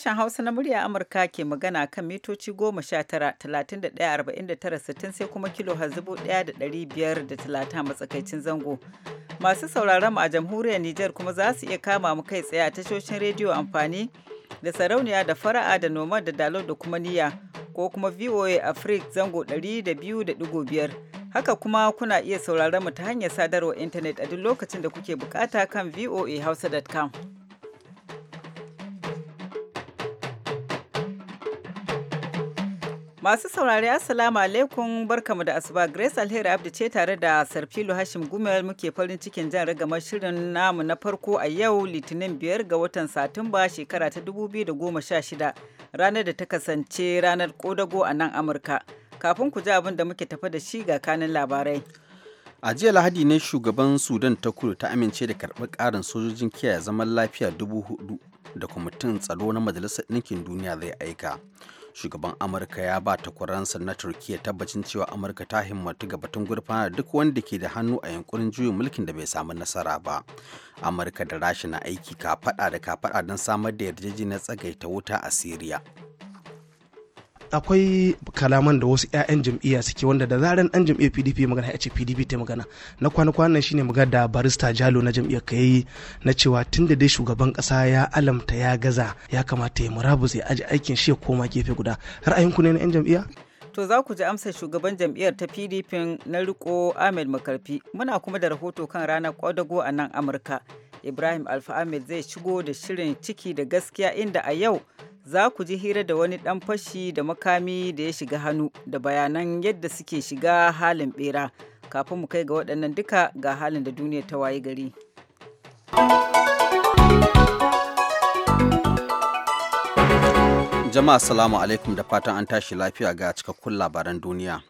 Sashen Hausa na murya Amurka ke magana kan mitoci goma sha tara, talatin da arba'in da sittin sai kuma kilo hazibu ɗaya da ɗari biyar da talatin matsakaicin zango. Masu sauraron a jamhuriyar Nijar kuma za su iya kama mu kai tsaye a tashoshin rediyo amfani da sarauniya da fara'a da noma da dalo da kuma niyya ko kuma VOA Africa zango ɗari da biyu da ɗigo biyar. Haka kuma kuna iya sauraron mu ta hanyar sadarwar intanet a duk lokacin da kuke bukata kan voahausa.com. Masu saurari Assalamu alaikum barkamu da asuba Grace Alheri Abdi ce tare da Sarfilo Hashim Gumel muke farin cikin jan ragamar shirin namu na farko a yau Litinin biyar ga watan Satumba shekara ta 2016 ranar da ta kasance ranar kodago a nan Amurka. Kafin ku ji abin da muke tafa da shi ga kanin labarai. A jiya Lahadi ne shugaban Sudan ta kudu ta amince da karɓar ƙarin sojojin kiyaye zaman lafiya dubu hudu da kwamitin tsaro na Majalisar Ɗinkin Duniya zai aika. shugaban amurka ya ba takwaransa na turkiya tabbacin cewa amurka ta himmatu ga batun gurfana duk wanda ke da hannu a yankurin juyin mulkin da bai samu nasara ba amurka da rasha na aiki kafaɗa da kafaɗa don samar da yarjejeniyar tsagaita wuta a siriya akwai kalaman da wasu 'ya'yan jam'iyya suke wanda da zaran ɗan jam'iyyar pdp magana ya ce pdp ta magana na kwana kwana nan shine magana da barista jalo na jam'iyyar ka yi na cewa tun da dai shugaban kasa ya alamta ya gaza ya kamata ya murabus ya aji aikin shi ya koma gefe guda ra'ayinku ne na 'yan jam'iyya To za ku ji amsar shugaban jam'iyyar ta PDP na riko Ahmed Makarfi. Muna kuma da rahoto kan ranar kwadago a nan Amurka. Ibrahim Alfa Ahmed zai shigo da shirin ciki da gaskiya inda a yau za ku ji hira da wani ɗan fashi da makami da ya shiga hannu da bayanan yadda suke shiga halin bera kafin mu kai ga waɗannan duka ga halin da duniya ta waye gari. Jama'a salamu alaikum da fatan an tashi lafiya ga cikakkun labaran duniya.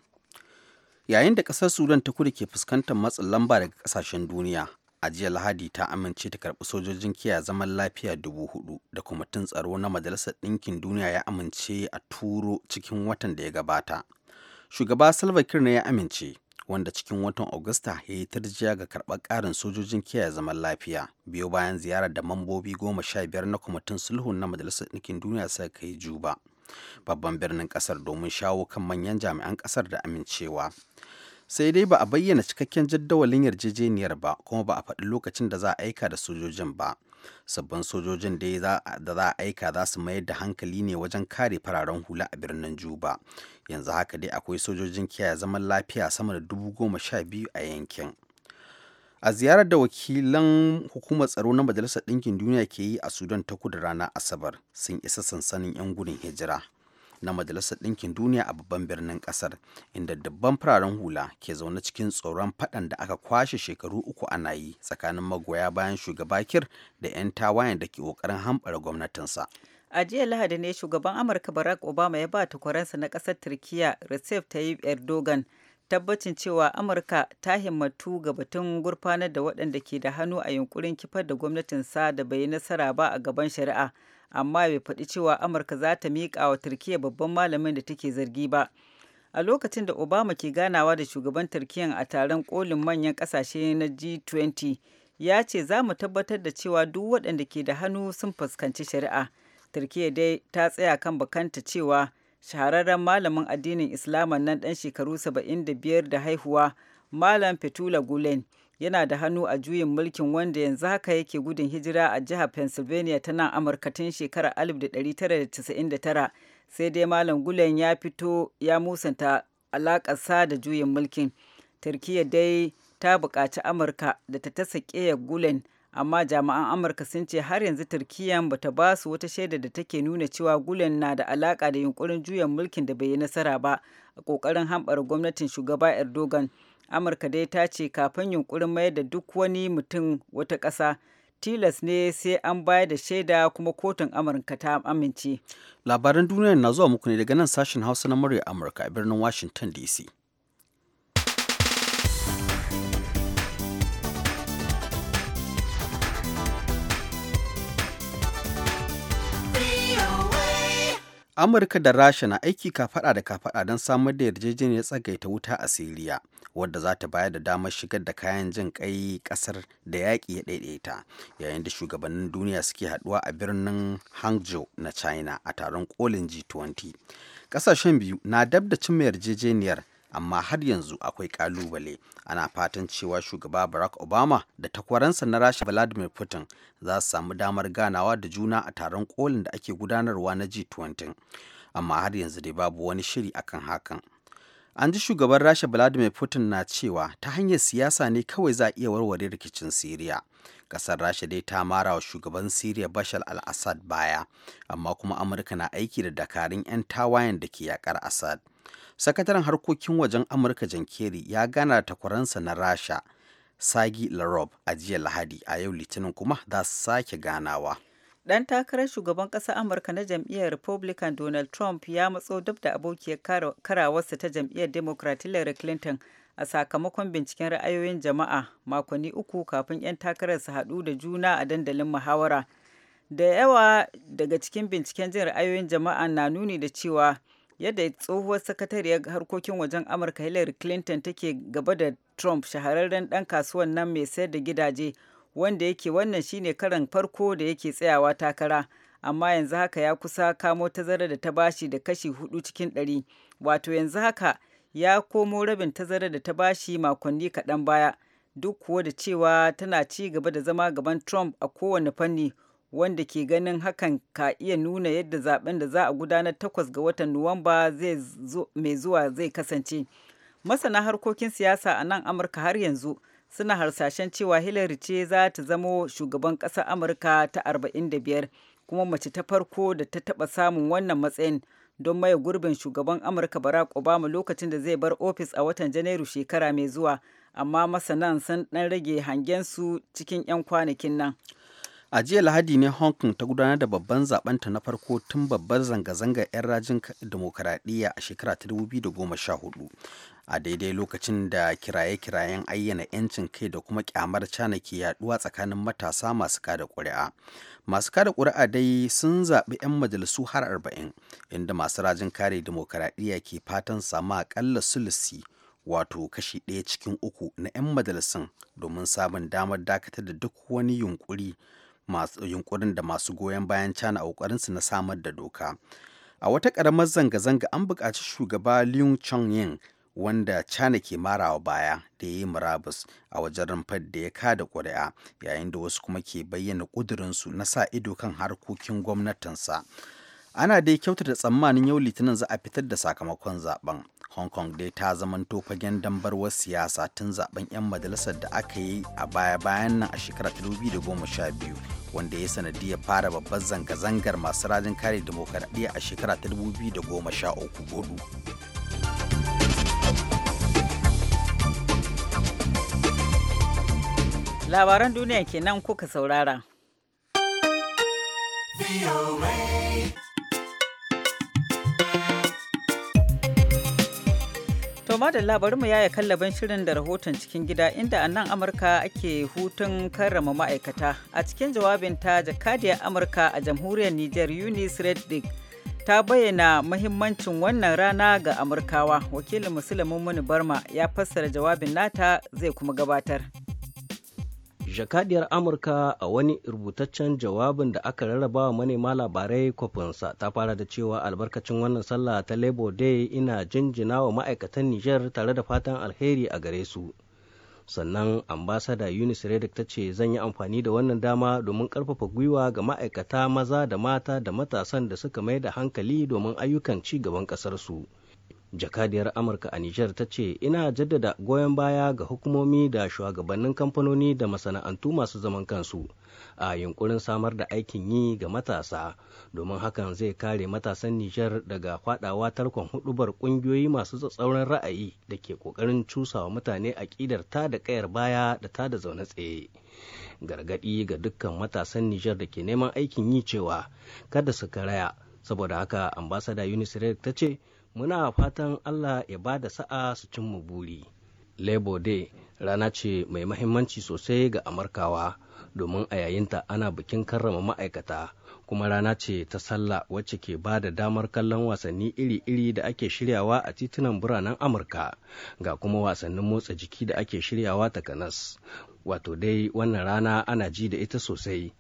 Yayin da ƙasar Sudan ta kudu ke fuskantar matsin lamba daga ƙasashen duniya, a jiya lahadi ta amince ta karbi sojojin kiya zaman lafiya dubu hudu da kwamitin tsaro na majalisar ɗinkin duniya ya amince a turo cikin watan da ya gabata shugaba salva kiir ya amince wanda cikin watan Agusta ya yi tarjiya ga karɓar ƙarin sojojin kiyaye zaman lafiya biyo bayan ziyarar da mambobi goma sha biyar na kwamitin sulhun na majalisar ɗinkin duniya suka kai juba babban birnin ƙasar domin shawo kan manyan jami'an ƙasar da amincewa sai dai ba a bayyana cikakken jaddawalin yarjejeniyar ba kuma ba a faɗi lokacin da za a aika da sojojin ba sabbin sojojin dai da za a aika za su mayar da hankali ne wajen kare fararen hula a birnin juba yanzu haka dai akwai sojojin kiyaye zaman lafiya sama da dubu goma sha biyu a yankin a ziyarar da wakilan hukumar tsaro na majalisar ɗinkin duniya ke yi a sudan ta kudu rana asabar sun isa sansanin 'yan gudun hijira na Majalisar Ɗinkin Duniya a babban birnin ƙasar, inda dubban fararen hula ke zaune cikin tsoron faɗan da aka kwashe shekaru uku ana yi tsakanin magoya bayan shugaba Kir da 'yan tawayen da ke ƙoƙarin hamɓara gwamnatinsa. A jiya Lahadi ne shugaban Amurka Barack Obama ya ba takwaransa na ƙasar Turkiyya Recep Tayyip Erdogan tabbacin cewa amurka ta himmatu ga batun gurfanar da waɗanda ke da hannu a yunkurin kifar da gwamnatinsa da bai nasara ba a gaban shari'a amma bai faɗi cewa amurka za ta miƙa wa turkiya babban malamin da take zargi ba a lokacin da obama ke ganawa da shugaban turkiyan a taron kolin manyan ƙasashe na g20 ya ce za mu tabbatar da cewa duk waɗanda ke da hannu sun fuskanci shari'a turkiya dai ta tsaya kan bakanta cewa shahararren malamin addinin islama nan ɗan shekaru 75 da haihuwa malam fetula gulen yana da hannu a juyin mulkin wanda yanzu haka yake gudun hijira a jihar pennsylvania ta nan amurka tun shekarar 1999 sai dai malam gulen ya fito ya musanta alakarsa da juyin mulkin turkiyya dai ta buƙaci amurka da ta tasa ƙeya gulen amma jami'an amurka sun ce har yanzu turkiyya ba ta ba su wata shaida da take nuna cewa gulen na da alaƙa da yunkurin juyin mulkin da bai yi nasara ba a ƙoƙarin hambar gwamnatin shugaba erdogan amurka dai ta ce kafin yunkurin mayar da duk wani mutum wata ƙasa tilas ne sai an bayar da shaida kuma kotun amurka ta amince labaran duniya na zuwa muku ne daga nan sashen hausa na murya amurka a birnin washington dc Amurka da Rasha na aiki kafaɗa da kafaɗa don samar da yarjejeniyar tsagaita wuta a Siriya, wadda za ta bayar da damar shigar da kayan jin ƙai ƙasar da yaƙi ya ɗaiɗaita, yayin da shugabannin duniya suke haɗuwa a birnin Hangzhou na China a taron kolin G20. Ƙasashen biyu na dab da cimma yarjejeniyar amma har yanzu akwai kalubale ana fatan cewa shugaba barack obama da takwaransa na rasha vladimir putin za su samu damar ganawa da juna a taron kolin da ake gudanarwa na g20 amma har yanzu dai babu wani shiri akan hakan an ji shugaban rasha vladimir putin na cewa ta hanyar siyasa ne kawai za a iya warware rikicin siriya kasar Rasha dai ta mara wa shugaban Siriya Bashar al-Assad baya, amma kuma Amurka na aiki da dakarun 'yan tawayen da ke yakar Assad. Sakataren harkokin wajen Amurka Jan Kerry ya gana da takwaransa na Rasha, Sagi Larob a jiya Lahadi, a yau Litinin kuma za su sake ganawa. dan takarar shugaban ƙasar Amurka na jam'iyyar Republican Donald Trump ya matso duk da abokiyar karawarsa ta jam'iyyar Democrat Hillary Clinton a sakamakon binciken ra'ayoyin jama'a makonni uku kafin 'yan takarar su haɗu da juna a dandalin muhawara. Da yawa daga cikin binciken jin ra'ayoyin jama'a na nuni da cewa yadda tsohuwar sakatariyar harkokin wajen Amurka Hillary Clinton take gaba da Trump shahararren ɗan kasuwan nan mai sayar da gidaje wanda yake wannan shine karan farko da yake tsayawa takara. amma yanzu haka ya kusa kamo tazara da ta bashi da kashi hudu cikin ɗari wato yanzu haka ya komo rabin tazarar da ta bashi makonni kaɗan baya duk kuwa da cewa tana ci gaba da zama gaban trump a kowane fanni wanda ke ganin hakan ka iya nuna yadda zaben da za a gudanar takwas ga watan nuwamba mai zuwa zai kasance masana harkokin siyasa a nan amurka har yanzu suna harsashen cewa hillary ce za ta zamo shugaban ƙasar amurka ta 45 kuma mace ta farko da ta taɓa samun wannan matsayin don maye gurbin shugaban amurka barack obama lokacin da zai bar ofis a watan janairu shekara mai zuwa amma masanan sun dan rage hangen su cikin 'yan kwanakin nan a jiya lahadi ne hong kong ta gudanar da babban zabanta na farko tun babbar zanga-zangar 'yan rajin demokaradiyya a shekara ta 2014 a daidai lokacin da kiraye-kirayen ayyana 'yancin kai da kuma kyamar cana ke yaduwa tsakanin matasa masu kada ƙuri'a. masu kada ƙuri'a dai sun zaɓi 'yan majalisu har 40 inda masu rajin kare demokaradiyya ke fatan sama aƙalla sulusi wato kashi ɗaya cikin uku na 'yan majalisun domin samun damar dakatar da duk wani yunkuri yunkurin da masu goyon bayan cana a ƙoƙarinsu na samar da doka a wata ƙaramar zanga-zanga an buƙaci shugaba Liu Chong-yin wanda cana ke marawa baya da ya yi murabus a wajen rumfar da ya kada ƙuri'a yayin da wasu kuma ke bayyana ƙudurinsu na sa ido kan harkokin gwamnatinsa. Ana dai da tsammanin yau litinin za a fitar da sakamakon zaben. Hong Kong dai ta zamanto fagen dambarwar siyasa tun zaben 'yan majalisar da aka yi a baya-bayan nan a shekarar 2012 wanda ya sanadiyar fara babbar zanga-zangar masu rajin kare demokaradiyya a shekarar 2013. Labaran duniya kenan kuka saurara. toma da labarin mu yaya kallaban shirin da rahoton cikin gida inda a nan Amurka ake hutun karrama ma'aikata. A cikin jawabin ta jakadiyar Amurka a jamhuriyar Nijar Eunice Reddick ta bayyana mahimmancin wannan rana ga Amurkawa. Wakilin Musulmin Muni Barma ya fassara jawabin nata zai kuma gabatar. jakadiyar amurka a wani rubutaccen jawabin da aka rarraba wa manema labarai kwafinsa ta fara da cewa albarkacin wannan sallah ta labor day ina jinjina wa ma'aikatan niger tare da fatan alheri a gare su sannan ambasada yunis redick ta ce zan yi amfani da wannan dama domin karfafa gwiwa ga ma'aikata maza da mata da matasan da suka mai da hankali domin ayyukan ci gaban ƙasarsu. su jakadiyar amurka a Niger ta ce ina jaddada goyon baya ga hukumomi da shugabannin kamfanoni da masana'antu masu zaman kansu a yunkurin samar da aikin yi ga matasa domin hakan zai kare matasan Niger daga fadawa tarkon hudubar kungiyoyi masu tsatsauran ra'ayi da ke kokarin cusawa mutane aƙidar ta da kayar baya da ta da zaune tsaye gargadi ga dukkan matasan Niger da ke neman aikin yi cewa kada su karaya saboda haka ambasada unicef ta ce muna fatan allah ya ba da sa'a su cin buri labor day rana ce mai mahimmanci sosai ga amurkawa domin a yayinta ana bikin karrama ma'aikata kuma rana ce ta sallah wacce ke ba da damar kallon wasanni iri-iri da ake shiryawa a titunan biranen amurka ga kuma wasannin motsa jiki da ake shiryawa takanas wato dai wannan rana ana ji da ita sosai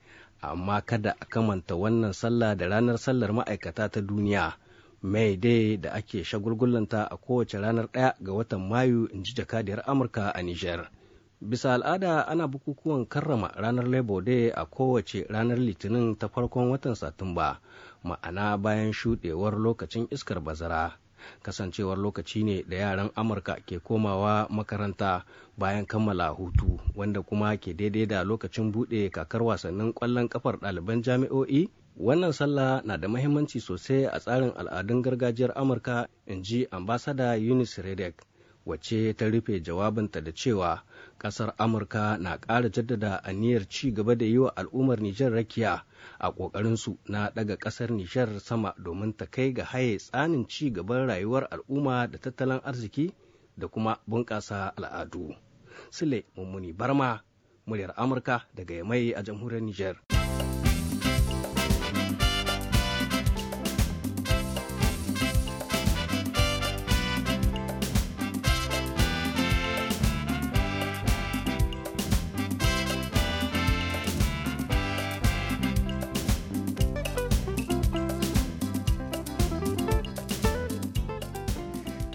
amma kada a kamanta wannan sallah da ranar sallar ma'aikata ta duniya mai dai da ake shagulgullanta a kowace ranar ɗaya ga watan mayu in ji jakadiyar amurka a niger bisa al'ada ana bukukuwan karrama ranar labor day a kowace ranar litinin ta farkon watan satumba ma'ana bayan shuɗewar lokacin iskar bazara kasancewar lokaci ne da yaran amurka ke komawa makaranta bayan kammala hutu wanda kuma ke daidai da lokacin buɗe kakar wasannin ƙwallon ƙafar ɗaliban jami'o'i Wannan sallah na da mahimmanci sosai a tsarin al'adun gargajiyar Amurka, in ji ambasada Eunice Redek, wacce ta rufe jawabinta da cewa ƙasar Amurka na ƙara jaddada aniyar ci gaba da yi wa al'ummar Nijar rakiya a su na ɗaga ƙasar Nijar sama domin ta kai ga haye tsanin ci gaban rayuwar al'umma da tattalin arziki da kuma bunƙasa al'adu. Sule Mummuni Barma, muryar Amurka daga Yamai a jamhuriyar Nijar.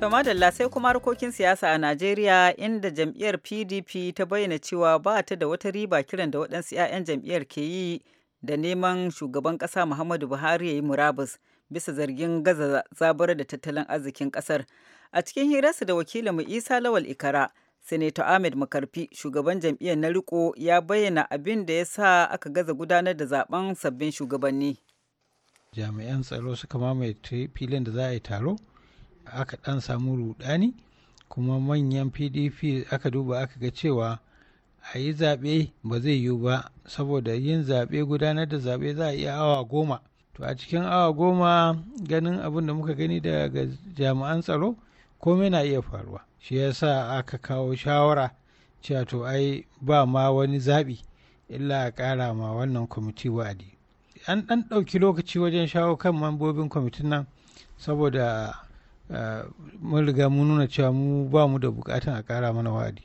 To madalla sai kuma harkokin siyasa a Najeriya inda jam'iyyar PDP ta bayyana cewa ba ta da wata riba kiran da waɗansu 'ya'yan jam'iyyar ke yi da neman shugaban ƙasa Muhammadu Buhari ya yi murabus bisa zargin gaza zabar da tattalin arzikin ƙasar. A cikin hirarsa da wakilin mu Isa Lawal Ikara, Sanato Ahmed Makarfi, shugaban jam'iyyar na riko ya bayyana abin da ya sa aka gaza gudanar da zaben sabbin shugabanni. Jami'an tsaro suka mamaye filin da za a yi taro aka ɗan samu ruɗani, kuma manyan pdp aka duba aka ga cewa a yi zaɓe ba zai yiwu ba saboda yin zaɓe gudanar da zaɓe za a iya awa goma to a cikin awa goma ganin abin da muka gani daga jami'an tsaro ko na iya faruwa shi yasa aka kawo shawara cewa to ai ba ma wani zaɓi illa a ƙara ma wannan kwamiti wa'adi an ɗan ɗauki lokaci wajen shawo kan mambobin kwamitin nan saboda Eh, mun riga mun nuna cewa mu ba mu da bukatan a kara mana wa'adi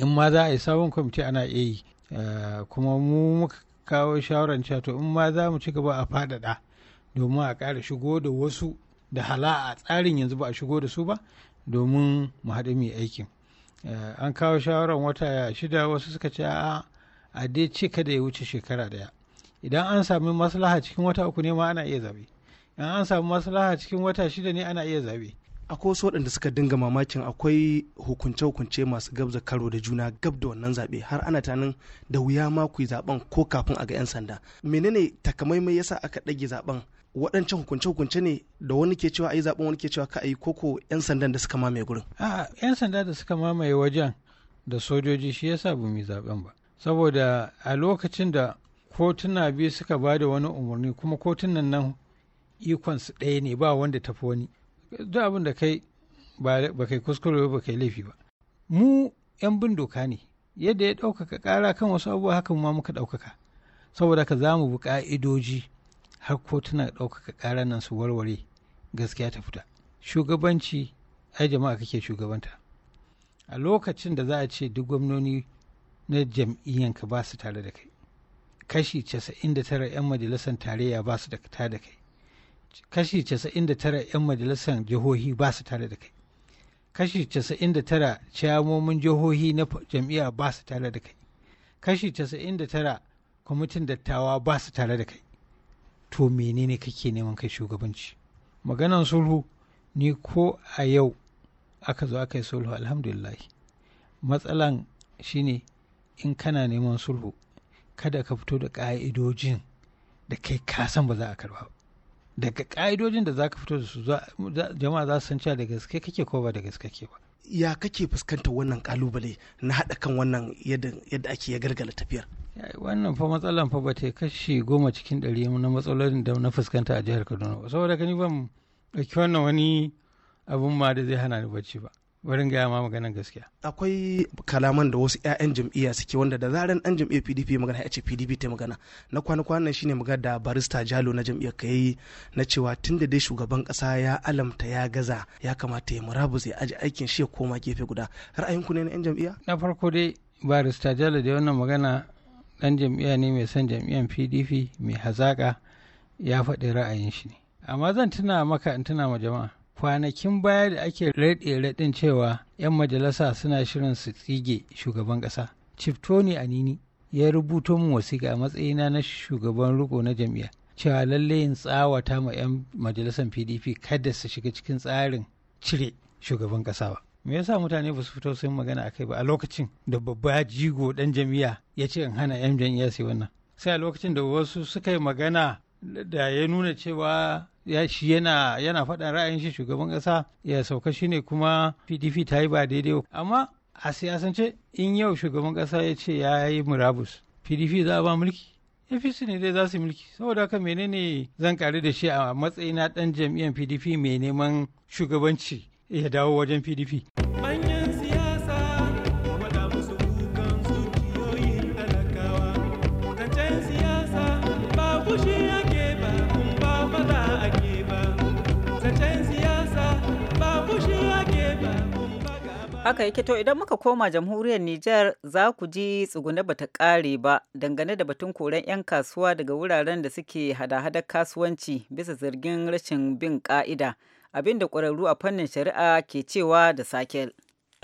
in ma za a yi sabon kwamiti ana iya yi eh, kuma mu muka kawo shawaran cewa to in ma za mu ci gaba a faɗaɗa domin a ƙara shigo da wasu da hala a tsarin yanzu ba a shigo da su ba domin mu haɗu mai aikin eh, an kawo shawaran wata ya shida wasu suka ce a a dai ce kada ya wuce shekara ɗaya idan an sami maslaha cikin wata uku ne ma ana iya zabe in an samu maslaha cikin wata shida ne ana iya zabe akwai wasu waɗanda suka dinga mamakin akwai hukunce-hukunce masu gabza karo da juna gab da wannan zaɓe har ana tanin da wuya ma ku zaben ko kafin a ga 'yan sanda menene takamaimai yasa aka ɗage zaben waɗancan hukunce-hukunce ne da wani ke cewa a yi zaben wani ke cewa ka a yi koko 'yan sandan da suka mamaye gurin a 'yan sanda da suka mamaye wajen da sojoji shi yasa ba mu zaben ba saboda a lokacin da kotuna biyu suka ba da wani umarni kuma kotunan nan ikon su ɗaya ne ba wanda ta fi wani duk abin da kai ba kai kuskure ba kai laifi ba mu 'yan bin doka ne yadda ya ɗaukaka ƙara kan wasu abubuwa haka ma muka ɗaukaka saboda ka za mu bi ƙa'idoji har ko kotuna ɗaukaka ƙara nan su warware gaskiya ta fita shugabanci ai jama'a kake shugabanta a lokacin da za a ce duk gwamnoni na jam'iyyanka ba su tare da kai kashi casa'in da tara 'yan majalisar tarayya ba su da kai kashi 99 'yan majalisar jihohi ba su tare da kai kashi 99 ciyamomin jihohi na jam'iyya ba su tare da kai kashi 99 kwamitin dattawa ba su tare da kai to menene kake neman kai shugabanci maganan sulhu ni ko a yau aka zo aka yi sulhu alhamdulillah matsalan shine in kana neman sulhu kada ka fito da ƙa'idojin da kai kasan ba za a karba ba daga ƙa'idojin da za ka fito da su jama'a za su san cewa da gaske kake ko ba da gaske ke ba ya kake fuskantar wannan kalubale na haɗa kan wannan yadda ake ya gargala tafiyar wannan fa matsalan fa ba ta kashi goma cikin ɗari na matsalolin da na fuskanta a jihar kaduna saboda kani ban ɗauki wannan wani abun ma da zai hana ni bacci ba wurin gaya ma maganin gaskiya akwai kalaman da wasu 'ya'yan jam'iyya suke wanda da zaran an jam'iyyar pdp magana ya ce pdp ta magana na kwana-kwanan shine magana da barista jalo na jam'iyyar ka yi na cewa tun da dai shugaban kasa ya alamta ya gaza ya kamata ya murabus ya aji aikin shi ya koma gefe guda ra'ayinku ne na 'yan jam'iyya na farko dai barista jalo da wannan magana dan jam'iyya ne mai son jam'iyyar pdp mai hazaka ya faɗi ra'ayin shi ne amma zan tuna maka in tuna ma jama'a kwanakin baya da ake raɗe-raɗin cewa 'yan majalisa suna shirin su tsige shugaban ƙasa chief tony anini ya rubuto min wasiƙa a matsayina na shugaban riko na jam'iyya cewa lallai in tsawata ma 'yan majalisar pdp kada su shiga cikin tsarin cire shugaban ƙasa ba me yasa mutane ba su fito sun magana a kai ba a lokacin da babba jigo dan jam'iyya ya ce in hana 'yan jam'iyya su wannan sai a lokacin da wasu suka yi magana da ya nuna cewa ya shi yana yana faɗin ra'ayin shi shugaban ƙasa ya sauka shi ne kuma pdp ta yi ba daidai amma a siyasance in yau shugaban ƙasa ya ce ya yi murabus pdp za a ba mulki apc ne dai za su mulki saboda haka menene zan karu da shi a matsayina ɗan jam'iyyar pdp mai neman shugabanci ya dawo wajen pdp. Haka yake to idan muka koma jamhuriyar Nijar za ku ji ba ta ƙare ba dangane da batun koren 'yan kasuwa daga wuraren da suke hada-hadar kasuwanci bisa zargin rashin bin ƙa'ida abinda ƙwararru a fannin shari'a ke cewa da sakel.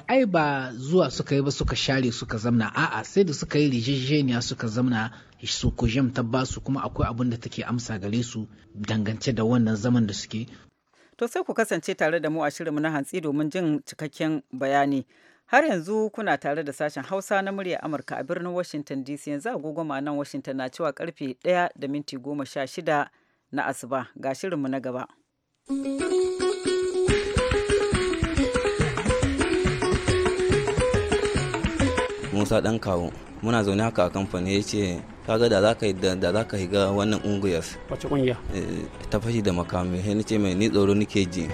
Ai ba zuwa suka yi ba suka share suka zamna a'a sai da suka yi rijijeniya suka zamna su ta basu kuma akwai abin da take amsa gare su dangance da wannan zaman da suke To sai ku kasance tare da mu a shirinmu na hantsi domin jin cikakken bayani. Har yanzu kuna tare da sashen Hausa na murya Amurka a birnin Washington DC yanzu agogo nan Washington na cewa karfe 1 da minti goma sha shida na asuba ga shirin mu na gaba. Musa ɗan kawo muna zaune haka a kamfani ya ce kaga da za ka yi da za ka higa wannan ungiyar wace kungiya eh, ta fashi da makami sai nace mai ni tsoro nake ji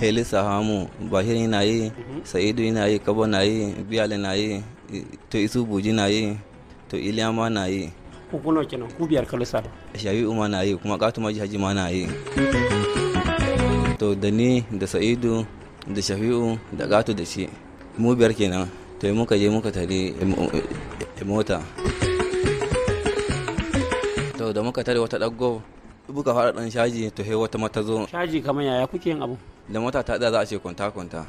heli sahamu bahir yana yi mhm. sa'idu yana yi kabo na yi biyali na yi to isu buji na yi to iliyama na yi kukuno kenan ku biyar ka lissafa shayi umar na yi kuma maji jihaji ma na yi to da ni da sa'idu da shafi'u da gato da shi mu biyar kenan to muka je muka tare eh, eh, mota to da muka tare wata ɗaggo buga fara ɗan shaji to he wata mata zo shaji kamar yaya kuke yin abu da mota ta za a ce kwanta kwanta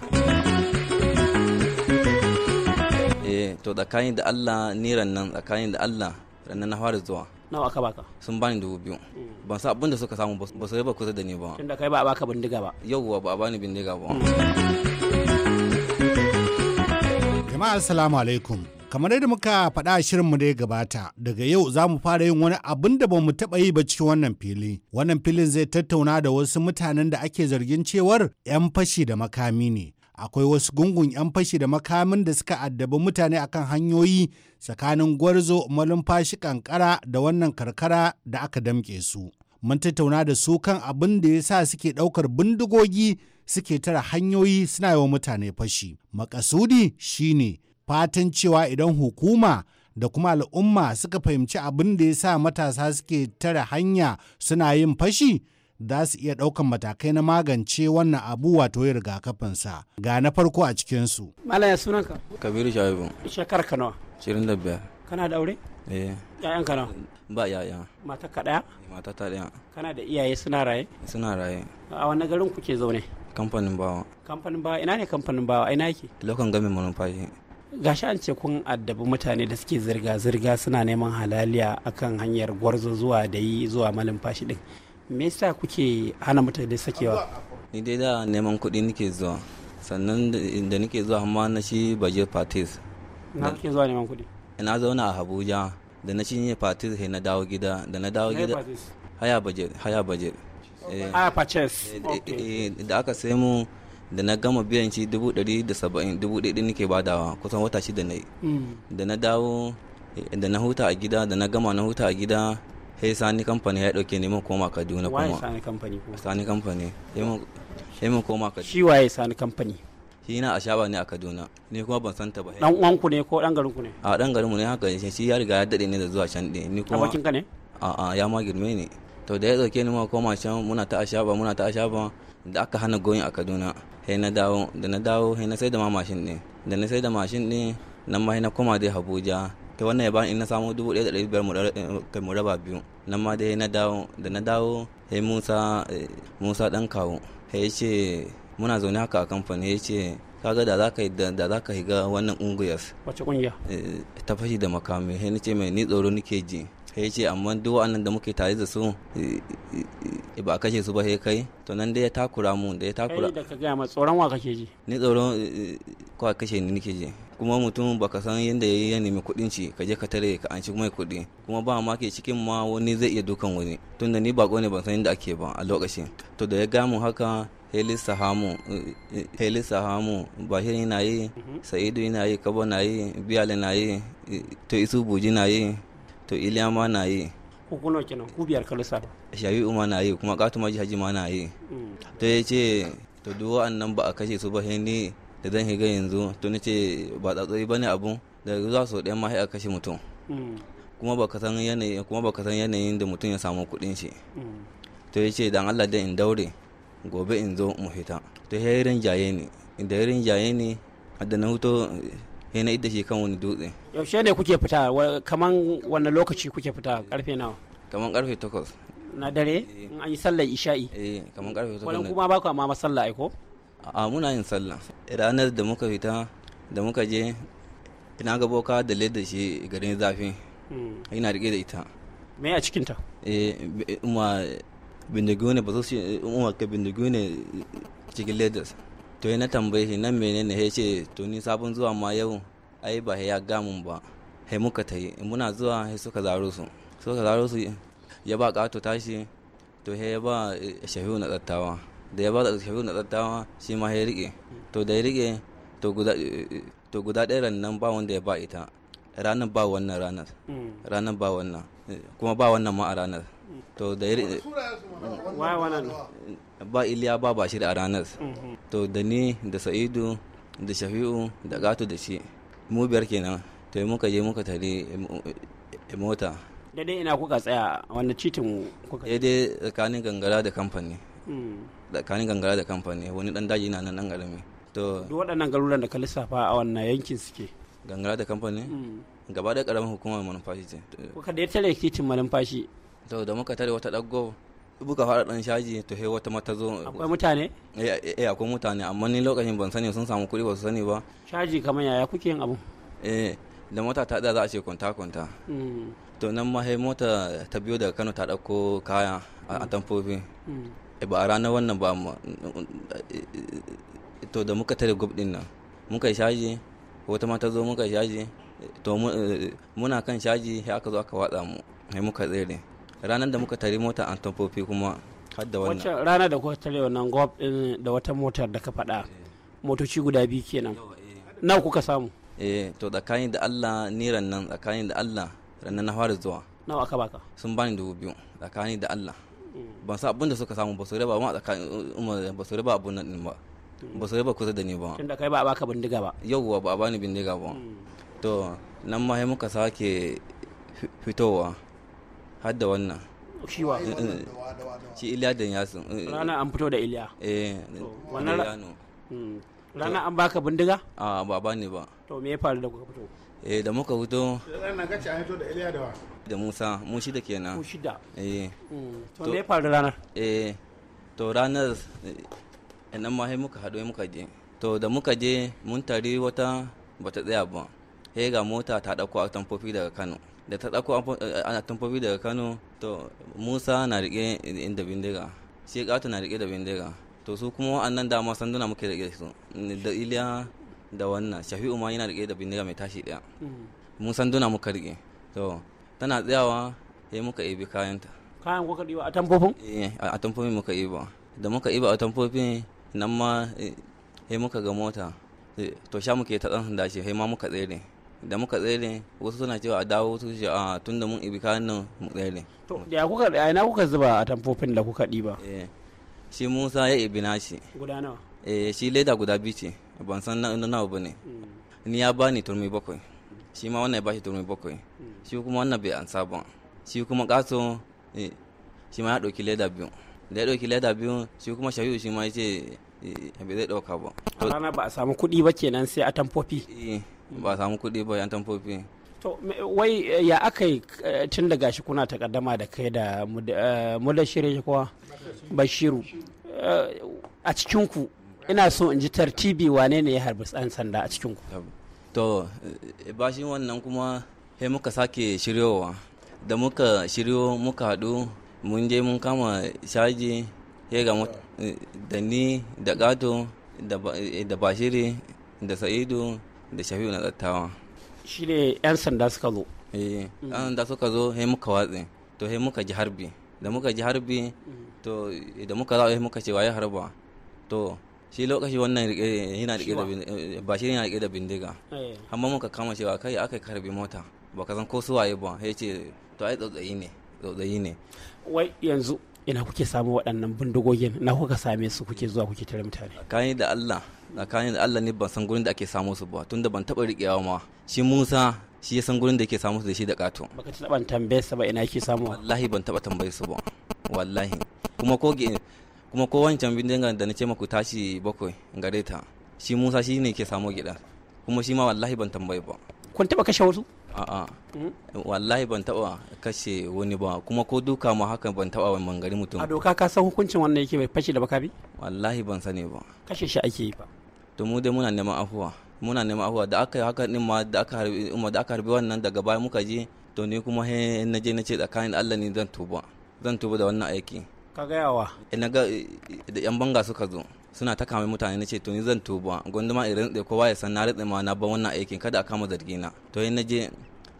eh to tsakanin da Allah niran nan tsakanin da Allah ranar na fara zuwa nawa aka baka sun bani dubu biyu hmm. ban sa abin da suka samu ba su ba kusa da ni ba tunda kai ba a baka bindiga ba yauwa ba a bani bindiga ba hmm. jama'a assalamu alaikum kamar da muka faɗa a shirinmu da ya gabata daga yau za mu fara yin wani abin da ba mu taɓa yi ba cikin wannan fili wannan filin zai tattauna da wasu mutanen da ake zargin cewar 'yan fashi da makami ne akwai wasu gungun 'yan fashi da makamin da suka addabi mutane akan hanyoyi tsakanin gwarzo malumfashi kankara da wannan karkara da aka damƙe su mun tattauna da su kan abin da ya sa suke ɗaukar bindigogi suke tara hanyoyi suna yi wa mutane fashi makasudi shine fatan cewa idan hukuma da kuma al'umma suka fahimci abin da ya sa matasa suke tare hanya suna yin fashi za su iya ɗaukan matakai na magance wannan abu wato ya rigakafinsa ga na farko a cikinsu. Malaya sunanka? Kabiru Shaibu. Shekar ka Shirin da biyar. Kana da aure? Eh. Ya'yan ka Ba ya'ya. Mata ka ɗaya? Mata ta ɗaya. Kana da iyaye suna raye? Suna raye. A wani garin kuke zaune? Kamfanin bawa. Kamfanin bawa ina ne kamfanin bawa ina yake? Lokan gamin manumfashi. gashi an ce kun addabi mutane da suke zirga-zirga suna neman halaliya akan hanyar gwarzo zuwa da yi zuwa fashi din me yasa kuke hana mutane sakewa ni dai da neman kuɗi nake zuwa sannan da nake zuwa amma na shi baje patis na kuke zuwa neman kuɗi ina zauna a abuja da na ne patis na dawo gida da na dawo gida haya baje haya baje haya patis da aka sai mu da na gama biyan shi dubu ɗari da saba'in dubu ɗaya ɗin nake badawa kusan wata shida na yi mm. da na dawo eh, da na huta a gida da na gama na huta a gida sai sani kamfani ya ɗauke neman koma kaduna kuma sani kamfani sani kamfani sai mun koma kaduna shi waye sani kamfani shi na a shaɓa ne a kaduna ni kuma ban santa ba dan ku ne ko dan garinku ne a dan mu ne haka shi ya riga ya daɗe ne da zuwa can ɗin ni kuma abokin ka ne a a ya ma girme ne to da ya ɗauke ni ma koma can muna ta a ashaba muna ta a shaɓa. da aka hana goyin a kaduna sai na dawo da na dawo sai na sai da mashin ɗin da na sai da mashin ɗin nan ma na koma dai abuja ta wannan yaban in na samu dubu ɗaya da ɗari biyar mu raba eh, biyu nan ma dai na dawo da na dawo sai musa eh, musa ɗan kawo sai ya ce muna zaune haka a kamfani ya ce kaga da za ka yi da za ka yi ga wannan ungiyar wace kungiya eh, ta fashi da makami sai ce mai ni tsoro nake ji sai ce amma duk wa'annan da muke tare da su ba kashe su ba sai kai to nan dai ya takura mu da ya takura kai da ka gaya ma tsoron wa kake ji ni tsoron kwa kashe ni nake ji kuma mutum baka san yadda ya yi ya nemi kuɗin ci ka je ka tare ka an ci mai kuɗi kuma ba ma ke cikin ma wani zai iya dukan wani tunda ni bako ne ban san yadda ake ba a lokaci. to da ya mu haka heli sahamu heli sahamu bahir yana yi mhm. sa'idu yana yi kabo na yi biyale na yi to isu buji na yi to iliya ma na yi ku kenan ku biyar ka lissafa shayi'u ma na yi kuma maji Haji ma na yi mm. to ya ce to duk wa'annan ba a kashe su ba ni da zan higa yanzu to ni ce ba tsatsori ba ne abun da zuwa sau ɗaya ma sai a kashe mutum mm. kuma ba ka san yanayin kuma ba ka san yanayin da mutum ya samu kuɗin shi mm. to ya ce dan Allah da in daure gobe in zo mu fita to ya yi rinjaye ni da ya rinjaye ni da na hutu. sai na idda shi kan wani dutse yaushe ne kuke fita kaman wanne lokaci kuke fita karfe nawa kaman karfe takwas na dare in an yi sallar isha'i eh kaman karfe takwas wani kuma baku amma sallah aiko A'a a muna yin sallah ranar da muka fita da muka je ina ga boka da leda shi garin zafi hmm. ina rike da ita me a cikin ta eh umma bindigo ne ba su umma ka bindigo ne cikin ledas to na tambaye shi nan menene ya ce to ni sabon zuwa ma yau ai ba ya gamun ba he muka ta yi muna zuwa he suka zaro su suka zaro su ya ba kato tashi to he ya ba eh, shahiru na tsattawa da ya ba shahiru na tsattawa shi ma ya rike to da ya rike eh, eh, to guda ɗaya nan ba wanda ya ba ita ranar ba wannan ranar hmm. ranar ba wannan kuma ba wannan ma a ranar hmm. to da ya rike ba iliya ba shi da ranar to da ni da sa'idu da shafi'u da gato da shi mu biyar kenan to muka je muka tare eh, mota daidai ina kuka tsaya wanda titin kuka dai tsakanin gangara da kamfani hmm. tsakanin gangara da kamfani wani dan daji na nan dan garami to duk waɗannan garuruwan da ka lissafa a wannan yankin suke gangara da kamfani hmm. gaba da ƙaramin hukumar manumfashi ce kuka da ya tare titin manumfashi to da muka tare wata ɗaggo buka fara dan shaji to he wata mata zo eh, akwai mutane eh, eh akwai mutane amma ni lokacin ban sani sun samu kuɗi ba su sani ba shaji kamar yaya kuke yin abu eh da mota ta da za a ce kwanta kwanta hmm. to nan ma he mota ta biyo daga Kano ta dauko kaya a hmm. tamfofi hmm. eh ba ranar wannan ba to da muka tare gub din nan muka yi shaji wata mata zo muka yi shaji to eh, muna kan shaji sai aka zo aka watsa mu sai muka tsere ranar da muka tare mota an tamfofi kuma har da wannan wacce rana da kuka tare wannan gob din da wata motar da ka faɗa eh. motoci guda biyu kenan eh. nawa kuka samu eh to tsakanin da Allah ni nan tsakanin da Allah rannan na fara zuwa nawa aka baka sun bani dubu biyu tsakanin da Allah mm. ban sa abin da suka samu ba su raba ma tsakanin um, um, ba su raba abun nan ba mm. ba su raba kusa da ni ba tunda kai ba a baka bindiga ba yauwa ba a bani bindiga ba mm. to nan ma muka sake fitowa har da wannan shiwa eh, eh, shi iliya da yasu. Eh, rana an fito da iliya eh wannan hmm. rana an baka bindiga a ba ba ne ba to me ya faru da kuka fito eh da muka fito rana gace an fito da iliya da wa da musa mu shida kenan mu shida eh hmm. to me ya faru ranar eh to ranar nan ma sai muka haɗu muka je to da muka je mun tare wata bata tsaya ba sai ga mota ta ɗauko a tamfofi daga kano da ta ɗauko atamfofi eh, eh, daga kano to musa na riƙe da bindiga shi ƙato na riƙe da bindiga to su kuma wa'annan dama sanduna muke riƙe su da iliya da wannan shafi'u ma yana riƙe da bindiga mai tashi ɗaya mm. mun sanduna muka riƙe to tana tsayawa sai muka ibi kayanta kayan kuka ɗiba a tamfofin? Eh, a tamfofin muka iba da muka iba a tamfofin nan ma sai muka ga mota to sha muke ta ɗan shi. sai ma muka tsere da muka tsere wasu suna cewa a dawo su shi a tun da mun ibi kanin nan mu tsere to ya kuka ina kuka zuba a tamfofin da kuka diba eh shi Musa ya ibi nashi guda nawa eh shi leda guda biyu ce ban san na nawa bane hmm. ni ya bani turmi bakwai shi ma wannan ya bashi turmi bakwai hmm. shi kuma wannan bai ansa ba shi kuma kaso eh, shi ma ya ɗauki leda biyu da ya ɗauki leda biyu shi kuma shayu shi ma ya ce eh, bai zai dauka ba. a rana ba a samu kuɗi ba kenan sai a tamfofi. Eh, ba samu kuɗi ba yan tamfofi to wai eh, ya aka yi eh, tun da gashi kuna takaddama da kai da eh, shi kowa bashiru a cikinku ina so in ji tartibi wane ne ya harbi tsan sanda a cikinku to shi wannan kuma sai muka sake shiryowa da muka shiryo muka haɗu mun je mun kama shaji sai ga da ni da gato da bashiri da sa'idu da shafi na tsattawa shi ne 'yan sanda suka zo eh mm. 'yan sanda suka zo sai muka watse to sai muka ji harbi da muka ji harbi mm. to da muka zaɓe muka ce waye harba to shi lokaci wannan eh, yana rike da eh, ba shi yana rike da bindiga eh. amma muka kama cewa kai akai karbi mota ba ka san ko su waye ba sai ce to ai tsotsayi ne tsotsayi ne wai yanzu ina kuke samu waɗannan bindigogin na kuka same su kuke zuwa kuke tare mutane kai da Allah tsakanin da Allah ne ban san gurin da ake samu su ba tunda ban taba riƙewa ma shi Musa shi ya san gurin da yake samu su da shi da kato baka ban tambaye su ba ina yake samu wallahi ban taba tambaye su ba wallahi kuma ko kuma ko wancan bindigan da na ce maku tashi bakwai gare ta shi Musa shi ne ke samu gida kuma shi ma wallahi ban tambaye ba kun taba kashe wasu a'a hmm? wallahi ban taba kashe wani ba kuma ko duka ma haka ban taba wani mangari mutum a doka ka san hukuncin wannan yake mai fashi da baka bi wallahi ban sani ba kashe shi ake yi ba to mu dai muna neman afuwa muna neman afuwa da aka haka din ma da aka harbi umma da aka harbi wannan daga baya muka je to ni kuma he na je na ce tsakanin Allah ne zan tuba zan tuba da wannan aiki ka eh, ga yawa ina ga da yan banga suka zo suna ta kama mutane na ce to ni zan tuba gwanduma irin da kowa ya san na ritse ma na ban wannan aikin kada a kama zargina to na je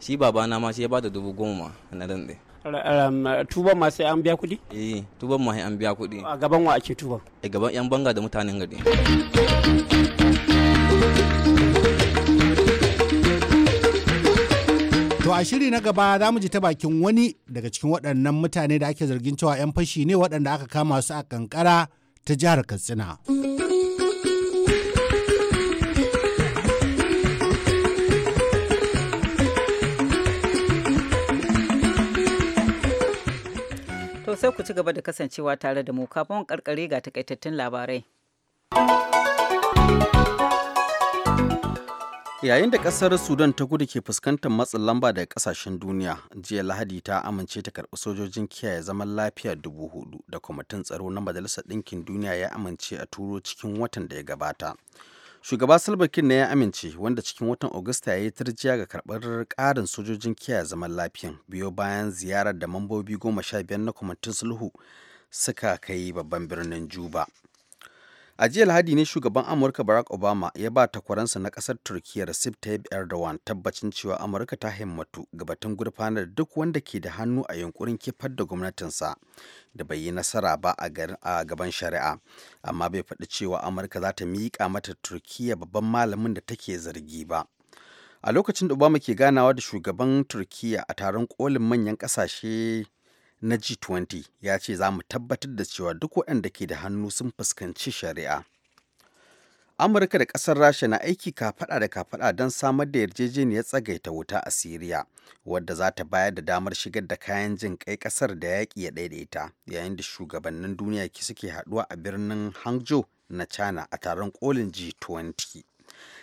shi babana ma shi ya bada dubu goma na rinde Um, tuban ma sai an biya kuɗi? eh tuban ma sai an biya kuɗi a gaban wa ake tuban a eh, gaban yan banga da mutanen gari To a shiri na gaba za mu ji ta bakin wani daga cikin waɗannan mutane da ake zargin cewa 'yan fashi ne waɗanda aka kama su a kankara ta jihar Katsina. sai ku ci gaba da kasancewa tare da mu kafin karkare ga takaitattun labarai. Yayin da kasar Sudan ta gudu ke fuskantar matsin lamba daga kasashen duniya, jiya Lahadi ta amince ta karɓi sojojin kiyaye zaman lafiya dubu hudu da kwamitin tsaro na Majalisar Ɗinkin Duniya ya amince a turo cikin watan da ya gabata. shugaba salva kiir ne ya amince wanda cikin watan agusta ya yi tarjiya ga karbar karin sojojin kiyaye zaman lafiyan biyo bayan ziyarar da mambobi goma sha biyar na kwamitin sulhu suka kai babban birnin juba a jiya lahadi ne shugaban amurka barack obama ya ba takwaransa na kasar turkiyya recep tayyip erdogan tabbacin cewa amurka ta himmatu ga batun gurfanar duk wanda ke da hannu a yunkurin kifar da gwamnatinsa da bai yi nasara ba a gaban shari'a amma bai faɗi cewa amurka za ta miƙa mata turkiyya babban malamin da take zargi ba a lokacin da obama ke ganawa da shugaban turkiyya a taron kolin manyan ƙasashe na G20 ya ce za mu tabbatar da cewa duk waɗanda ke da hannu sun fuskanci shari'a. Amurka da ƙasar Rasha na aiki kafaɗa da kafaɗa don samar da yarjejeniyar tsagaita wuta a Siriya, wadda za ta bayar da damar shigar da kayan jin kai ƙasar da yaƙi ya ɗaiɗaita, yayin da shugabannin duniya ke suke haɗuwa a birnin Hangzhou na China a taron ƙolin G20.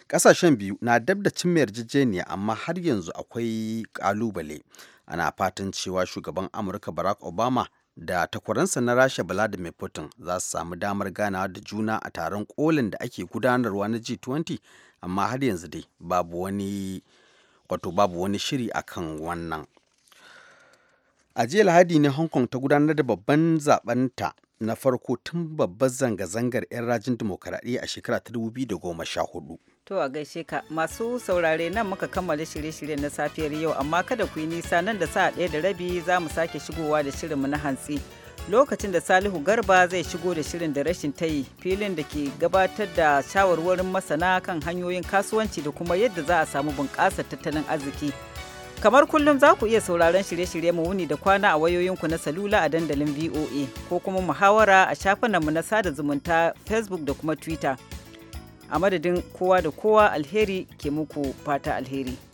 Ƙasashen biyu na dab da cimma yarjejeniya amma har yanzu akwai ƙalubale ana fatan cewa shugaban amurka barack obama da takwaransa na rasha vladimir putin za su samu damar ganawa da juna a taron kolin da ake gudanarwa na g20 amma har yanzu dai babu wani wato babu wani shiri akan wannan a jiya lahadi ne hong kong ta gudanar da babban zabenta na farko tun babbar zanga-zangar 'yan rajin dimokuraɗiyya a shekara ta 2014 To a gaishe ka masu saurare nan muka kammala shirye-shiryen na safiyar yau amma kada ku yi nisa nan da sa'a ɗaya da rabi za mu sake shigowa da shirinmu na hantsi. Lokacin da Salihu Garba zai shigo da shirin da rashin tayi filin da ke gabatar da shawarwarin masana kan hanyoyin kasuwanci da kuma yadda za a samu bunƙasar tattalin arziki. Kamar kullum za ku iya sauraron shirye-shirye mu wuni da kwana a wayoyinku na salula a dandalin VOA ko kuma muhawara a mu na sada zumunta Facebook da kuma Twitter. a madadin kowa da kowa alheri ke muku fata alheri